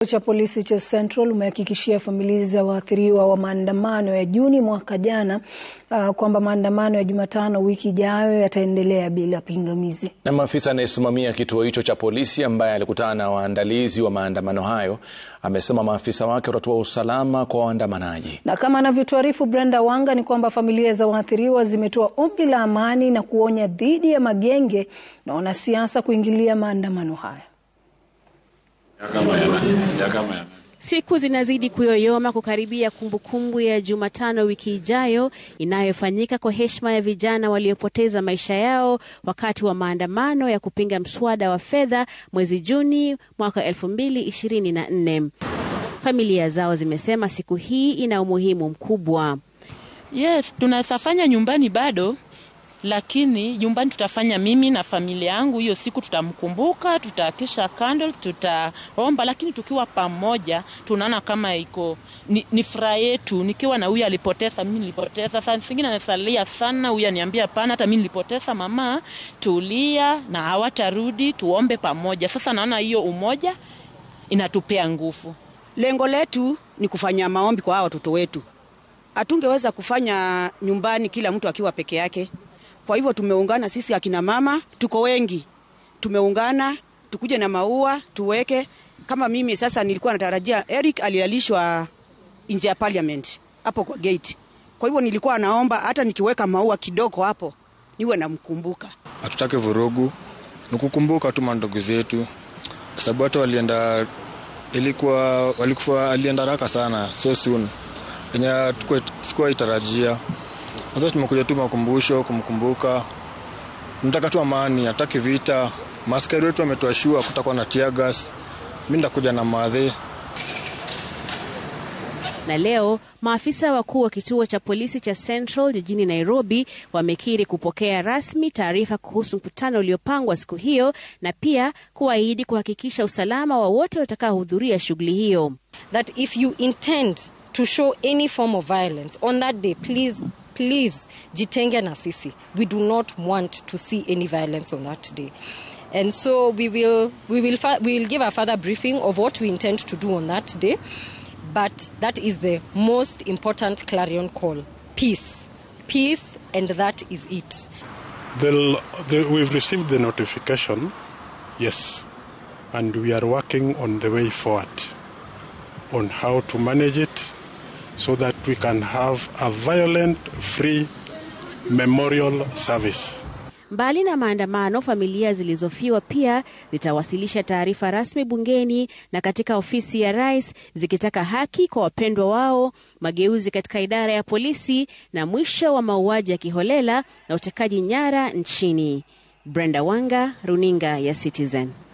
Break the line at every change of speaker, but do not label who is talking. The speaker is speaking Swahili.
Kituo cha polisi cha Central umehakikishia familia za waathiriwa wa maandamano ya Juni mwaka jana uh, kwamba maandamano ya Jumatano wiki ijayo yataendelea bila pingamizi.
Na maafisa anayesimamia kituo hicho cha polisi ambaye alikutana na waandalizi wa maandamano hayo amesema maafisa wake watatoa usalama kwa waandamanaji.
Na kama anavyotuarifu Brenda Wanga ni kwamba familia za waathiriwa zimetoa ombi la amani na kuonya dhidi ya magenge na wanasiasa kuingilia maandamano hayo. Siku zinazidi kuyoyoma kukaribia kumbukumbu ya Jumatano wiki ijayo inayofanyika kwa heshima ya vijana waliopoteza maisha yao wakati wa maandamano ya kupinga mswada wa fedha mwezi Juni mwaka 2024. Familia zao zimesema siku hii ina umuhimu mkubwa.
Yes, tunaweza fanya nyumbani bado lakini nyumbani tutafanya mimi na familia yangu. Hiyo siku tutamkumbuka, tutaakisha candle, tutaomba, lakini tukiwa pamoja tunaona kama iko ni, ni furaha yetu. Nikiwa na huyu alipoteza, mimi nilipoteza, sana, singine anasalia sana, huyu aniambia pana, hata mimi nilipoteza mama, tulia na hawatarudi, tuombe pamoja. Sasa naona hiyo umoja inatupea nguvu.
Lengo letu ni kufanya maombi kwa hao watoto wetu. Hatungeweza kufanya nyumbani kila mtu akiwa peke yake. Kwa hivyo tumeungana sisi akina mama, tuko wengi, tumeungana tukuje na maua tuweke. Kama mimi sasa nilikuwa natarajia Eric alilalishwa nje ya parliament hapo kwa gate. Kwa hivyo nilikuwa naomba hata nikiweka maua kidogo hapo niwe namkumbuka.
atutake vurugu, nikukumbuka tu mandugu zetu, sababu hata walienda ilikuwa walikuwa alienda haraka sana so soon, enye sikuwa itarajia sasa tumekuja tu makumbusho kumkumbuka, nataka tu amani, hataki vita. Maskari wetu ametuashua kutakuwa na gas. Mimi ndakuja na madhe
na leo maafisa wakuu wa kituo cha polisi cha Central jijini Nairobi wamekiri kupokea rasmi taarifa kuhusu mkutano uliopangwa siku hiyo na pia kuahidi kuhakikisha usalama wa wote watakaohudhuria shughuli hiyo.
That if you intend to show any form of violence on that day please please jitenge na sisi we do not want to see any violence on that day and so we will we will we will give a further briefing of what we intend to do on that day but that is the most important clarion call peace peace and that is it
the, the, we've received the notification yes and we are working on the way forward on how to manage it so that we can have a violent free memorial service.
Mbali na maandamano, familia zilizofiwa pia zitawasilisha taarifa rasmi bungeni na katika ofisi ya rais zikitaka haki kwa wapendwa wao, mageuzi katika idara ya polisi na mwisho wa mauaji ya kiholela na utekaji nyara nchini. Brenda Wanga, runinga ya Citizen.